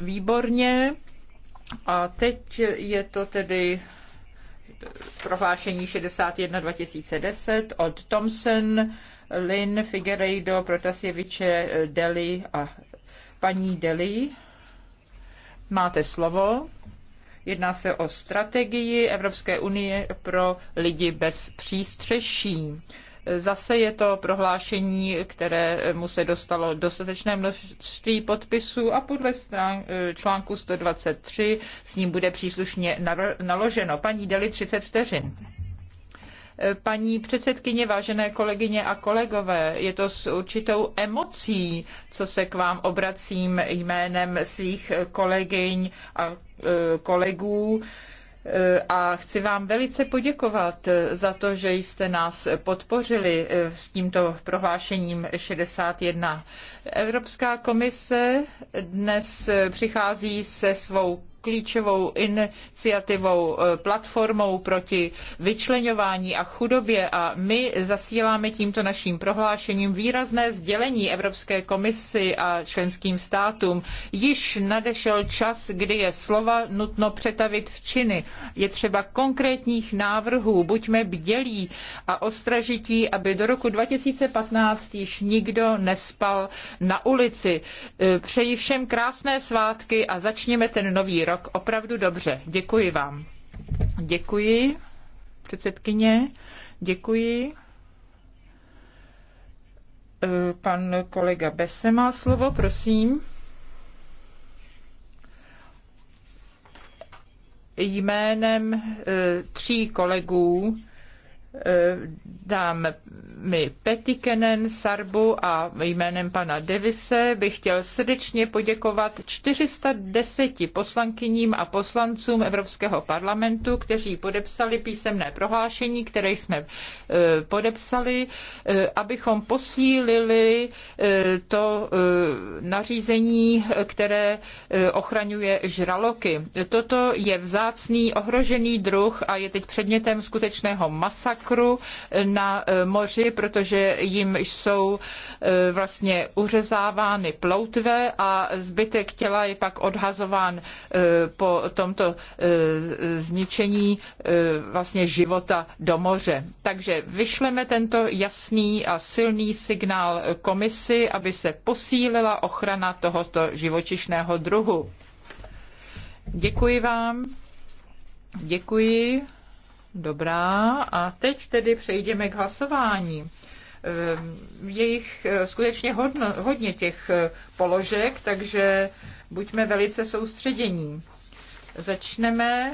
Výborně. A teď je to tedy prohlášení 61 2010 od Thomson, Lynn, Figueiredo, Protasjeviče, Deli a paní Deli. Máte slovo. Jedná se o strategii Evropské unie pro lidi bez přístřeší. Zase je to prohlášení, které mu se dostalo dostatečné množství podpisů a podle strán, eh, článku 123 s ním bude příslušně naloženo. Paní Deli 30 vteřin. Eh, paní předsedkyně, vážené kolegyně a kolegové, je to s určitou emocí, co se k vám obracím jménem svých kolegyň a eh, kolegů. Eh, a chci vám velice poděkovat eh, za to, že jste nás podpořili eh, s tímto prohlášením 61. Evropská komise dnes přichází se svou klíčovou iniciativou, eh, platformou proti vyčleňování a chudobě a my zasíláme tímto naším prohlášením výrazné sdělení Evropské komisi a členským státům. Již nadešel čas, kdy je slova nutno přetavit v činy. Je třeba konkrétních návrhů, buďme bdělí a ostražití, aby do roku 2015 již nikdo nespal na ulici. Eh, přeji všem krásné svátky a začněme ten nový rok opravdu dobře. Děkuji vám. Děkuji, předsedkyně. Děkuji. Eh, pan kolega Bese má slovo, prosím. Jménem eh, tří kolegů mi Petikenen, Sarbu a jménem pana Devise bych chtěl srdečně poděkovat 410 poslankyním a poslancům Evropského parlamentu, kteří podepsali písemné prohlášení, které jsme e, podepsali, e, abychom posílili e, to nařízení, které ochraňuje žraloky. Toto je vzácný ohrožený druh a je teď předmětem skutečného masakru masakru na e, moři, protože jim jsou e, vlastně uřezávány ploutve a zbytek těla je pak odhazován e, po tomto zničení vlastně života do moře. Takže vyšleme tento jasný a silný signál komisi, aby se posílila ochrana tohoto živočišného druhu. Děkuji vám. Děkuji. Dobrá, a teď tedy přejdeme k hlasování. Ehm, je jich eh, skutečně hodno, hodně těch eh, položek, takže buďme velice soustředění. Začneme